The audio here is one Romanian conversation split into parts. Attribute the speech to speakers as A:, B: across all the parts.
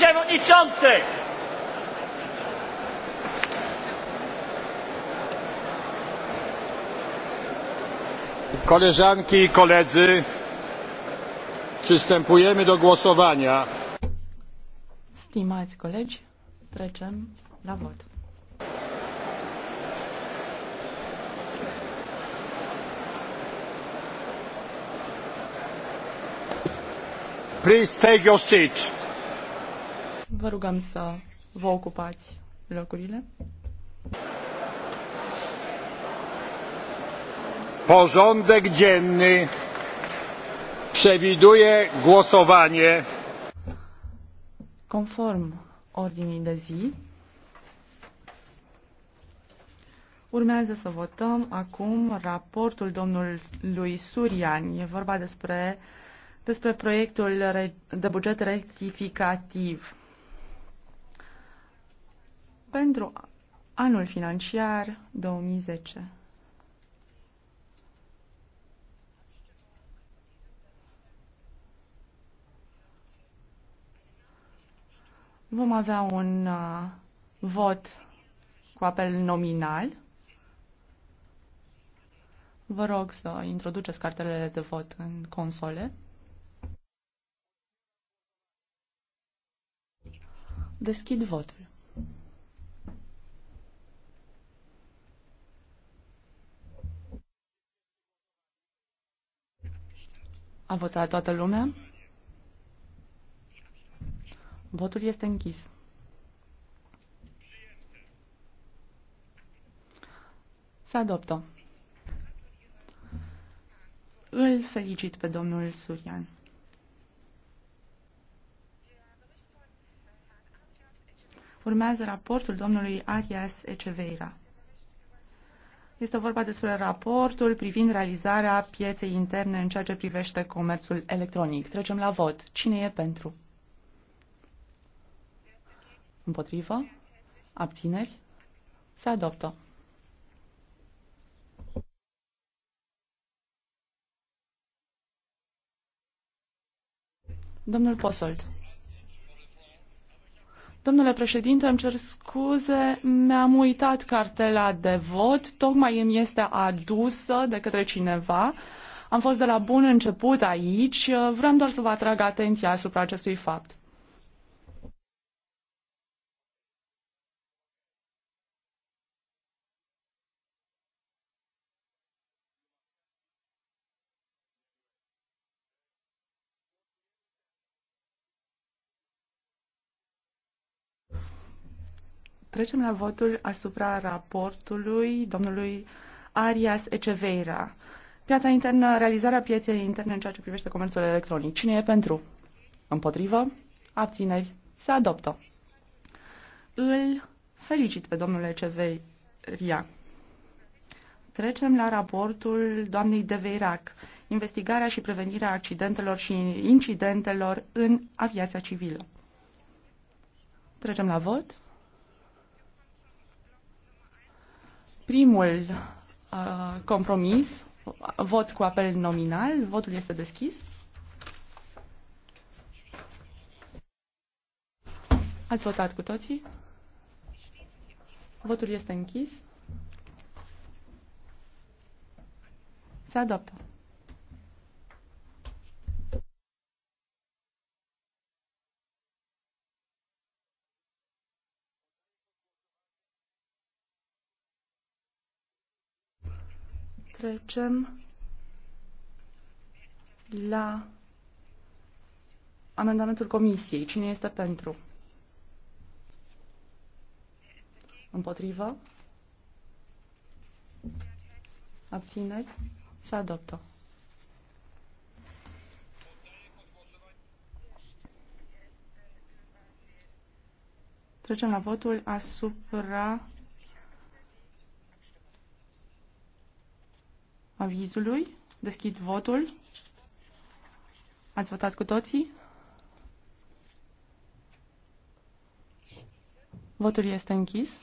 A: przewodniczący! Koleżanki i koledzy, przystępujemy do głosowania.
B: Stimați colegi, trecem la vot.
A: Please take your seat
B: vă rugăm să vă ocupați locurile.
A: Porządek dzienny przewiduje
C: głosowanie.
B: Conform ordinii de zi, urmează să votăm acum raportul domnului Surian. E vorba despre despre proiectul de buget rectificativ pentru anul financiar 2010. Vom avea un uh, vot cu apel nominal. Vă rog să introduceți cartelele de vot în console. Deschid votul. A votat toată lumea? Votul este închis. Se adoptă. Îl felicit pe domnul Surian. Urmează raportul domnului Arias Eceveira. Este vorba despre raportul privind realizarea pieței interne în ceea ce privește comerțul electronic. Trecem la vot. Cine e pentru? Împotrivă? Abțineri? Se adoptă. Domnul Posolt. Domnule președinte, îmi cer scuze, mi-am uitat cartela de vot, tocmai îmi este adusă de către cineva. Am fost de la bun început aici, vreau doar să vă atrag atenția asupra acestui fapt. Trecem la votul asupra raportului domnului Arias Eceveira. Piața internă, realizarea pieței interne în ceea ce privește comerțul electronic. Cine e pentru? Împotrivă? Abțineri? Se adoptă. Îl felicit pe domnul Eceveria. Trecem la raportul doamnei Deveirac, investigarea și prevenirea accidentelor și incidentelor în aviația civilă. Trecem la vot. primul uh, compromis, vot cu apel nominal, votul este deschis. Ați votat cu toții? Votul este închis. Se adoptă. trecem la amendamentul Comisiei. Cine este pentru? Împotrivă? Abțineri? Se adoptă. Trecem la votul asupra avizului. Deschid votul. Ați votat cu toții? Votul este închis.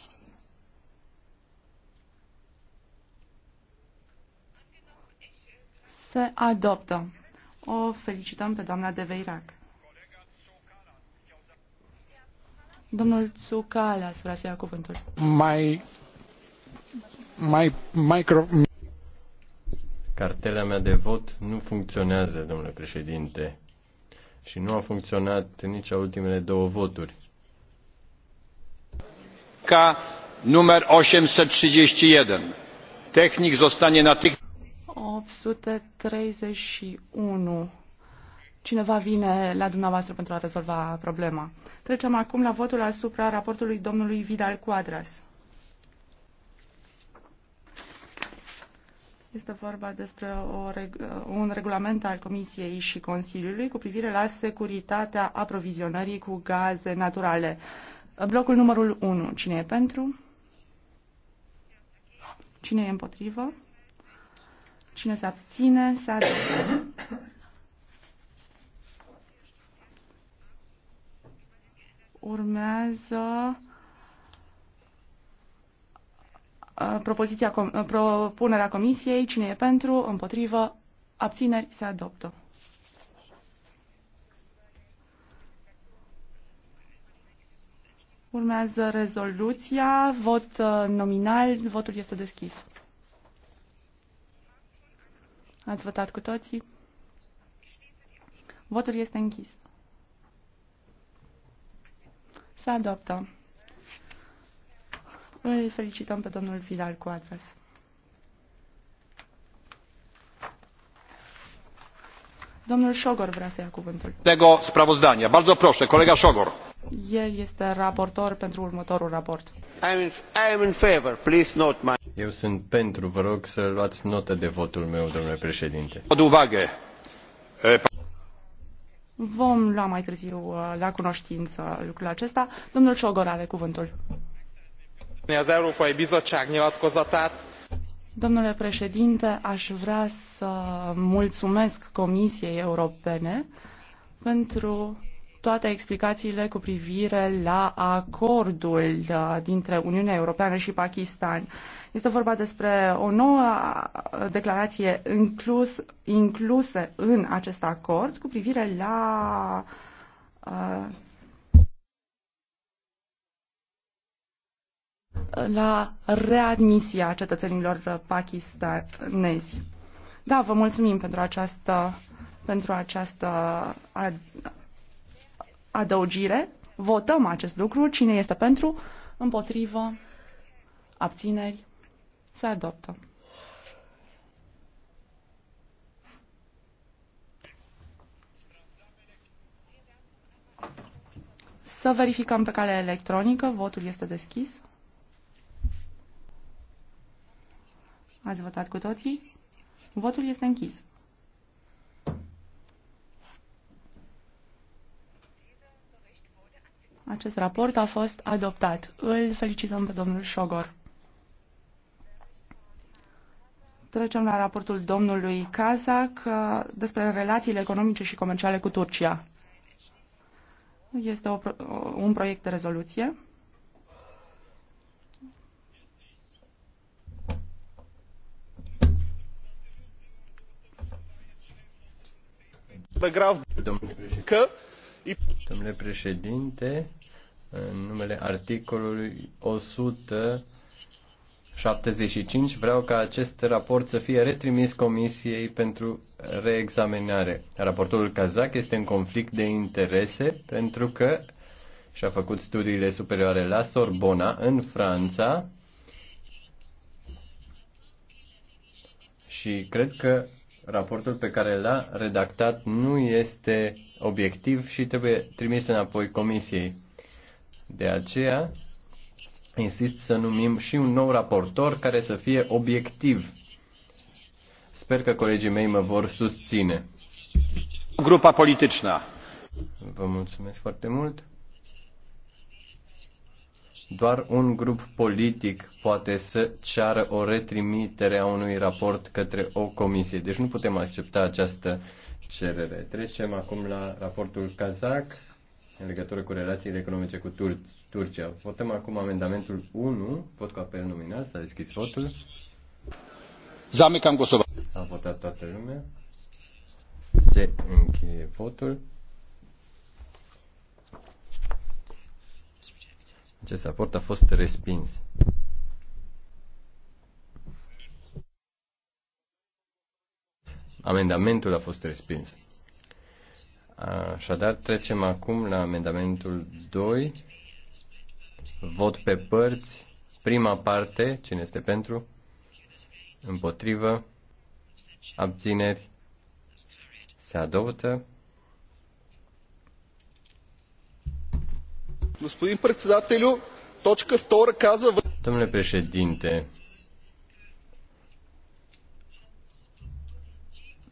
B: Se adoptă. O felicităm pe doamna de Veirac. Domnul Tsukalas vrea să ia cuvântul.
C: Mai, mai, micro...
A: Cartela mea de vot nu funcționează, domnule președinte, și nu a funcționat nici a ultimele două voturi. Ca număr 831. Tehnic zostanie natychmiast.
B: 831. Cineva vine la dumneavoastră pentru a rezolva problema. Trecem acum la votul asupra raportului domnului Vidal Cuadras. Este vorba despre o, un regulament al Comisiei și Consiliului cu privire la securitatea aprovizionării cu gaze naturale. Blocul numărul 1. Cine e pentru? Cine e împotrivă? Cine se abține? Se adoptă. Urmează Uh, propoziția, uh, propunerea comisiei, cine e pentru, împotrivă, abțineri, se adoptă. Urmează rezoluția, vot uh, nominal, votul este deschis. Ați votat cu toții? Votul este închis. Se adoptă. Îl felicităm pe domnul Vidal cu adres. Domnul Șogor vrea să ia cuvântul.
A: Dego sprawozdania. Bardzo proșe, colega Șogor.
B: El este raportor pentru următorul raport. I'm in, I'm in favor.
A: Please note my... Eu sunt pentru, vă rog să luați notă de votul meu, domnule președinte.
B: Vom lua mai târziu uh, la cunoștință lucrul acesta. Domnul Șogor are cuvântul az európai bizottság nyilatkozatát Domnule președinte, aș vrea să mulțumesc Comisiei Europene pentru toate explicațiile cu privire la acordul da, dintre Uniunea Europeană și Pakistan. Este vorba despre o nouă declarație inclus, inclusă în acest acord cu privire la uh, la readmisia cetățenilor pakistanezi. Da, vă mulțumim pentru această, pentru această ad, adăugire. Votăm acest lucru. Cine este pentru? Împotrivă? Abțineri? Se adoptă. Să verificăm pe cale electronică. Votul este deschis. Ați votat cu toții? Votul este închis. Acest raport a fost adoptat. Îl felicităm pe domnul Șogor. Trecem la raportul domnului Kazak uh, despre relațiile economice și comerciale cu Turcia. Este o, un proiect de rezoluție.
A: Grav că... Domnule președinte, în numele articolului 175 vreau ca acest raport să fie retrimis Comisiei pentru reexaminare. Raportorul Kazak este în conflict de interese pentru că și-a făcut studiile superioare la Sorbona în Franța și cred că raportul pe care l-a redactat nu este obiectiv și trebuie trimis înapoi comisiei. De aceea, insist să numim și un nou raportor care să fie obiectiv. Sper că colegii mei mă vor susține. Grupa politică. Vă mulțumesc foarte mult. Doar un grup politic poate să ceară o retrimitere a unui raport către o comisie. Deci nu putem accepta această cerere. Trecem acum la raportul Kazak în legătură cu relațiile economice cu Tur- Turcia. Votăm acum amendamentul 1, vot cu apel nominal, s-a deschis votul. Zamecam Kosova. A votat toată lumea. Se încheie votul. Acest raport a fost respins. Amendamentul a fost respins. Așadar, trecem acum la amendamentul 2. Vot pe părți. Prima parte, cine este pentru? Împotrivă. Abțineri. Se adoptă.
C: Господин председателю, точка 2 казва...
A: Domnule președinte,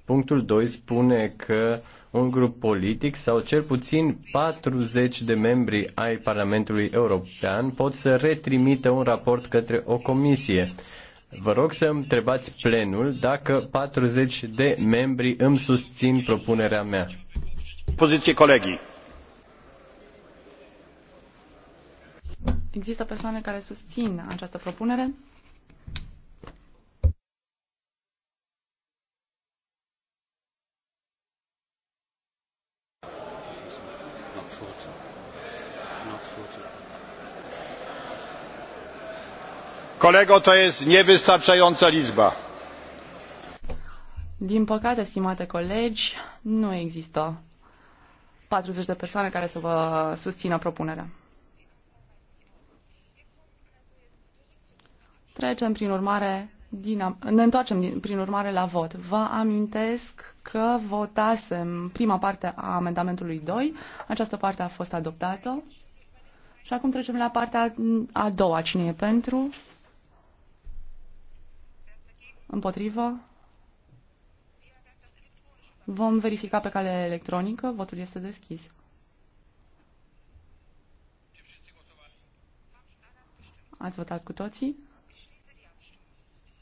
A: punctul 2 spune că un grup politic sau cel puțin 40 de membri ai Parlamentului European pot să retrimită un raport către o comisie. Vă rog să întrebați plenul dacă 40 de membri îmi susțin propunerea mea. Poziție colegii.
B: Există persoane care susțin această propunere?
A: Kolego, to jest niewystarczająca liczba.
B: Din păcate, stimate colegi, nu există 40 de persoane care să vă susțină propunerea. Trecem prin urmare din, ne întoarcem din, prin urmare la vot. Vă amintesc că votasem prima parte a amendamentului 2, această parte a fost adoptată și acum trecem la partea a doua. Cine e pentru? Împotrivă? Vom verifica pe cale electronică. Votul este deschis. Ați votat cu toții?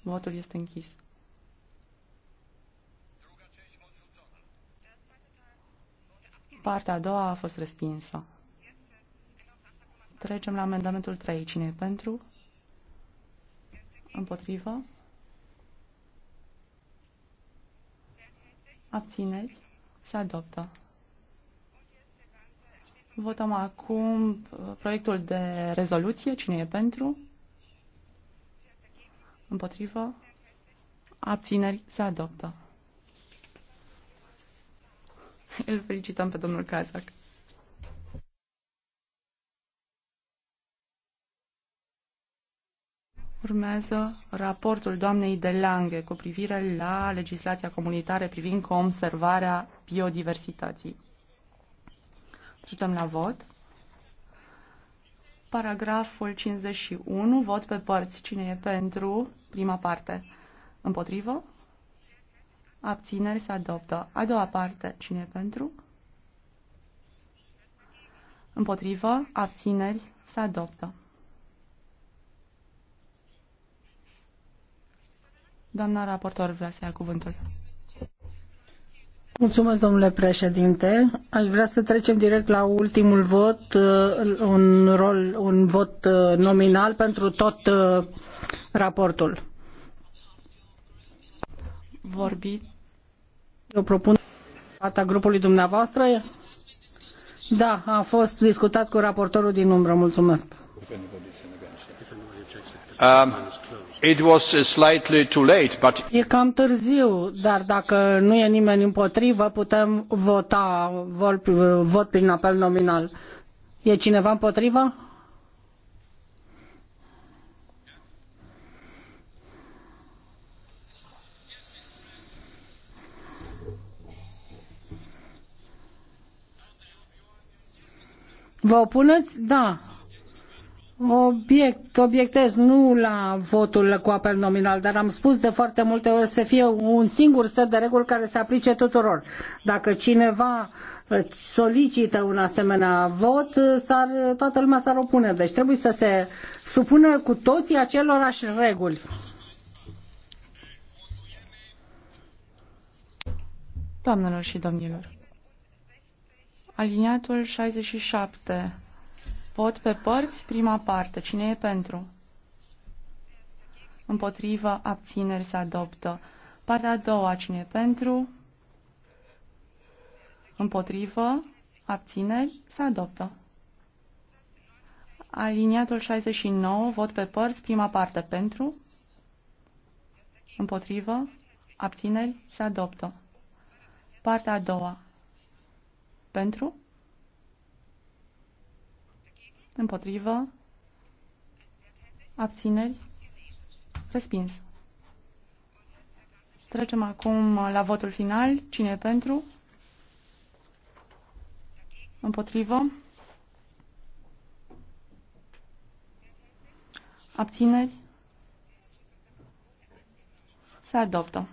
B: Votul este închis. Partea a doua a fost respinsă. Trecem la amendamentul 3. Cine e pentru? Împotrivă? Abțineri? Se adoptă. Votăm acum proiectul de rezoluție. Cine e pentru? Împotrivă. Abțineri. Se adoptă. Îl felicităm pe domnul Cazac. Urmează raportul doamnei de Lange cu privire la legislația comunitară privind conservarea biodiversității. Ajutăm la vot. Paragraful 51, vot pe părți. Cine e pentru? Prima parte. Împotrivă? Abțineri se adoptă. A doua parte. Cine e pentru? Împotrivă? Abțineri se adoptă. Doamna raportor vrea să ia cuvântul.
C: Mulțumesc, domnule președinte. Aș vrea să trecem direct la ultimul vot, uh, un, rol, un vot uh, nominal pentru tot uh, raportul. Vorbit. Eu propun partea grupului dumneavoastră. Da, a fost discutat cu raportorul din umbră. Mulțumesc.
A: Um. Uh,
C: e cam târziu, dar dacă nu e nimeni împotrivă, putem vota vot, vot prin apel nominal. E cineva împotrivă? Vă opuneți? Da obiect, obiectez nu la votul cu apel nominal, dar am spus de foarte multe ori să fie un singur set de reguli care se aplice tuturor. Dacă cineva uh, solicită un asemenea vot, uh, s-ar, uh, toată lumea s-ar opune. Deci trebuie să se supună cu toții acelorași reguli. Doamnelor și domnilor,
B: aliniatul 67 Vot pe părți, prima parte. Cine e pentru? Împotrivă, abțineri se adoptă. Partea a doua, cine e pentru? Împotrivă, abțineri se adoptă. Aliniatul 69, vot pe părți, prima parte pentru, împotrivă, abțineri, se adoptă. Partea a doua, pentru, Împotrivă. Abțineri. Respins. Trecem acum la votul final. Cine e pentru? Împotrivă. Abțineri. Se adoptă.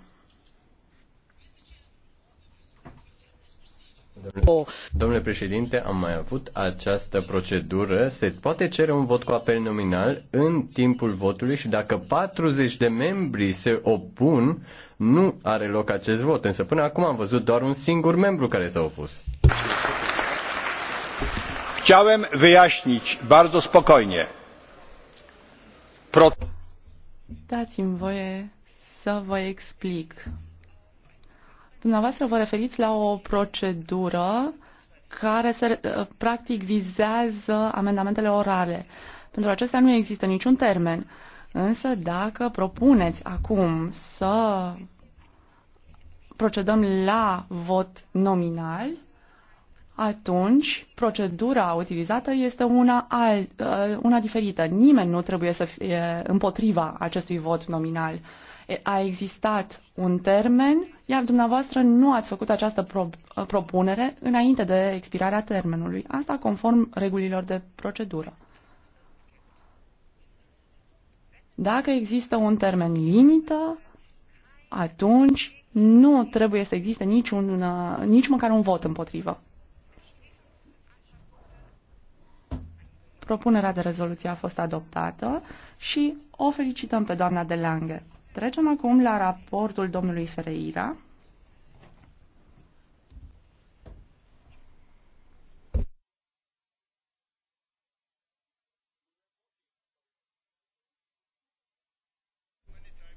A: Domnule președinte, am mai avut această procedură. Se poate cere un vot cu apel nominal în timpul votului și dacă 40 de membri se opun, nu are loc acest vot. Însă până acum am văzut doar un singur membru care s-a opus. Chciałem wyjaśnić bardzo spokojnie.
B: Pro... Dați-mi voie să vă explic Dumneavoastră vă referiți la o procedură care se, uh, practic vizează amendamentele orale. Pentru acestea nu există niciun termen. Însă dacă propuneți acum să procedăm la vot nominal, atunci procedura utilizată este una, al, uh, una diferită. Nimeni nu trebuie să fie împotriva acestui vot nominal a existat un termen, iar dumneavoastră nu ați făcut această pro- uh, propunere înainte de expirarea termenului. Asta conform regulilor de procedură. Dacă există un termen limită, atunci nu trebuie să existe niciun, uh, nici măcar un vot împotrivă. Propunerea de rezoluție a fost adoptată și o felicităm pe doamna de Lange. Trecem acum la raportul domnului Ferreira.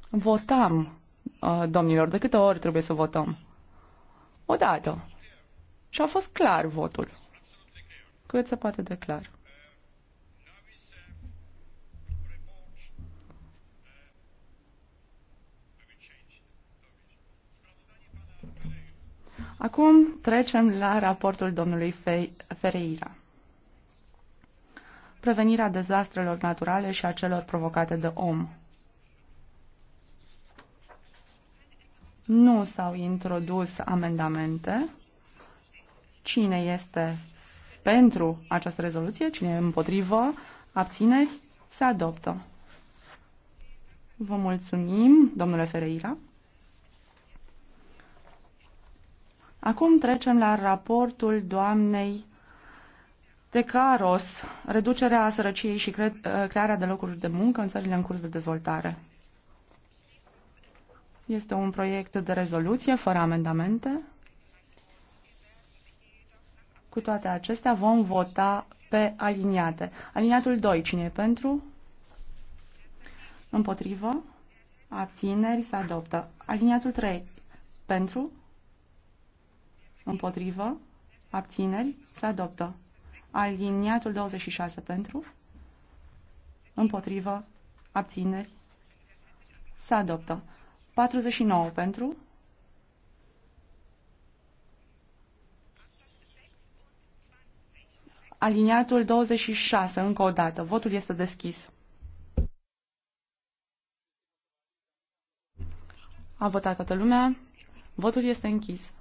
B: Votam, uh, domnilor, de câte ori trebuie să votăm? O dată. Și a fost clar votul. Cât se poate de clar. Acum trecem la raportul domnului Ferreira. Prevenirea dezastrelor naturale și a celor provocate de om. Nu s-au introdus amendamente. Cine este pentru această rezoluție? Cine e împotrivă? Abțineri? Se adoptă. Vă mulțumim, domnule Ferreira. Acum trecem la raportul doamnei Tecaros, reducerea sărăciei și cre crearea de locuri de muncă în țările în curs de dezvoltare. Este un proiect de rezoluție fără amendamente. Cu toate acestea vom vota pe aliniate. Aliniatul 2, cine e pentru? Împotrivă? Abțineri se adoptă. Aliniatul 3, pentru? Împotrivă. Abțineri. Se adoptă. Aliniatul 26 pentru. Împotrivă. Abțineri. Se adoptă. 49 pentru. Aliniatul 26, încă o dată. Votul este deschis. A votat toată lumea. Votul este închis.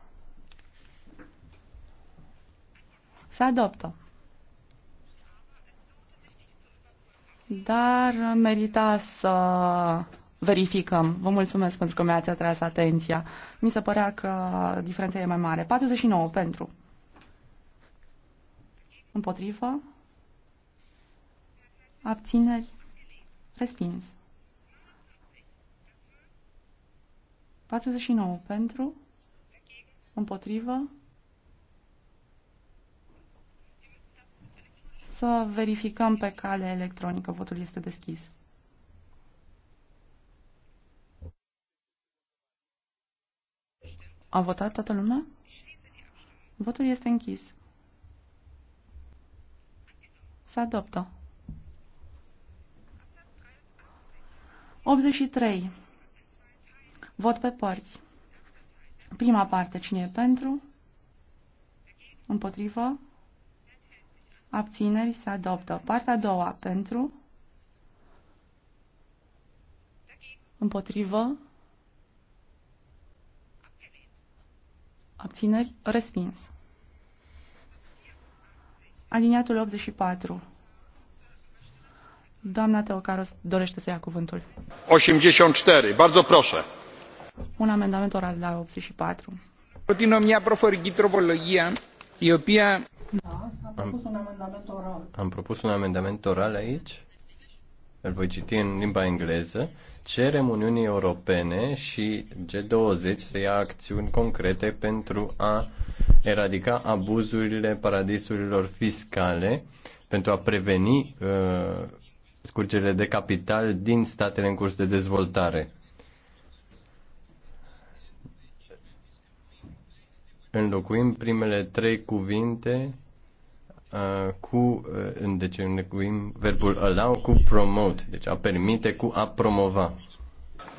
B: Se adoptă. Dar merita să verificăm. Vă mulțumesc pentru că mi-ați atras atenția. Mi se părea că diferența e mai mare. 49 pentru. Împotrivă. Abțineri. Respins. 49 pentru. Împotrivă. să verificăm pe cale electronică. Votul este deschis. A votat toată lumea? Votul este închis. Se adoptă. 83. Vot pe părți. Prima parte, cine e pentru? Împotrivă? abțineri se adoptă. Partea a doua pentru, împotrivă, abțineri, respins. Aliniatul 84. Doamna Teocaros dorește să ia cuvântul.
A: 84. Bardzo proszę.
B: Un amendament oral la 84. Προτείνω μια προφορική τροπολογία
C: am propus un amendament oral.
A: Am propus un amendament oral aici. Îl voi citi în limba engleză. Cerem Uniunii Europene și G20 să ia acțiuni concrete pentru a eradica abuzurile paradisurilor fiscale, pentru a preveni uh, scurgerile de capital din statele în curs de dezvoltare. Înlocuim primele trei cuvinte Uh, cu, deci uh, înlocuim verbul allow cu promote, deci a permite cu a promova.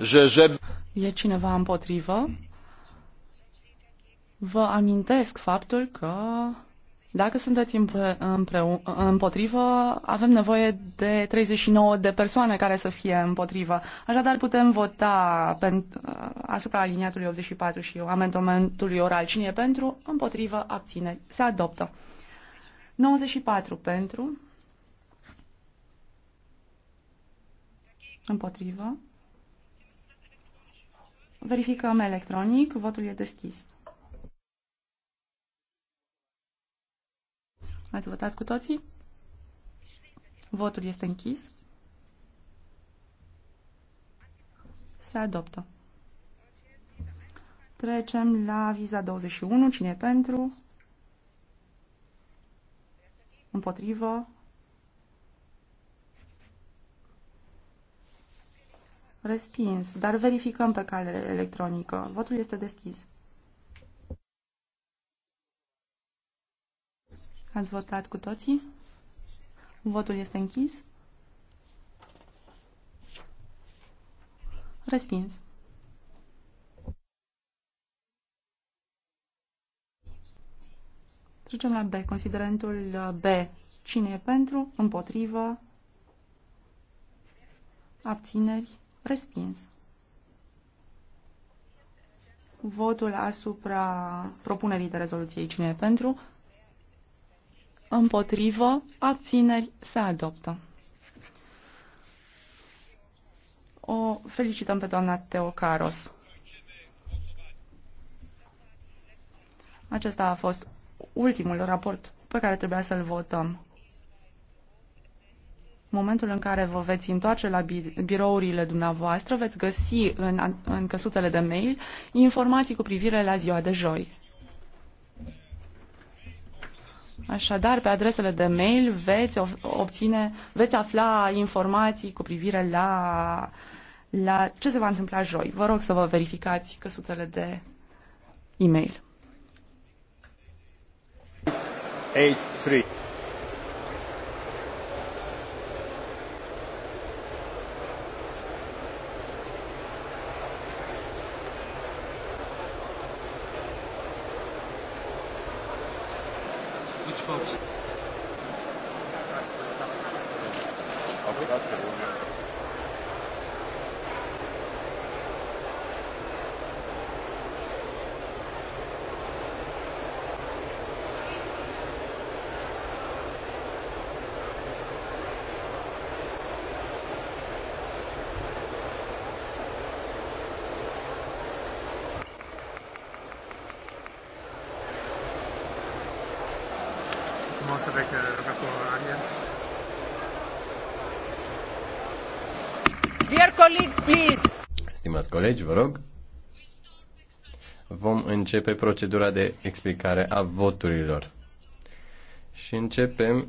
A: Je, je...
B: E cineva împotrivă? Vă amintesc faptul că dacă sunteți împre, împreun, împotrivă, avem nevoie de 39 de persoane care să fie împotrivă. Așadar, putem vota pen, asupra aliniatului 84 și amendamentului oral. Cine e pentru? Împotrivă? Abține. Se adoptă. 94 pentru, împotrivă. Verificăm electronic, votul e deschis. Ați votat cu toții? Votul este închis. Se adoptă. Trecem la viza 21. Cine e pentru? Împotrivă. Respins. Dar verificăm pe cale electronică. Votul este deschis. Ați votat cu toții? Votul este închis. Respins. Trecem la B. Considerentul uh, B. Cine e pentru? Împotrivă? Abțineri? Respins. Votul asupra propunerii de rezoluție. Cine e pentru? Împotrivă? Abțineri? Se adoptă. O felicităm pe doamna Teocaros. Acesta a fost ultimul raport pe care trebuia să-l votăm. Momentul în care vă veți întoarce la birourile dumneavoastră, veți găsi în, în căsuțele de mail informații cu privire la ziua de joi. Așadar, pe adresele de mail veți obține, veți afla informații cu privire la, la ce se va întâmpla joi. Vă rog să vă verificați căsuțele de e-mail.
A: 8-3. Which box? Operazio. Strecke hervorragend.
C: Dear colleagues, please.
A: Stimați colegi, vă rog. Vom începe procedura de explicare a voturilor. Și începem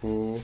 A: cu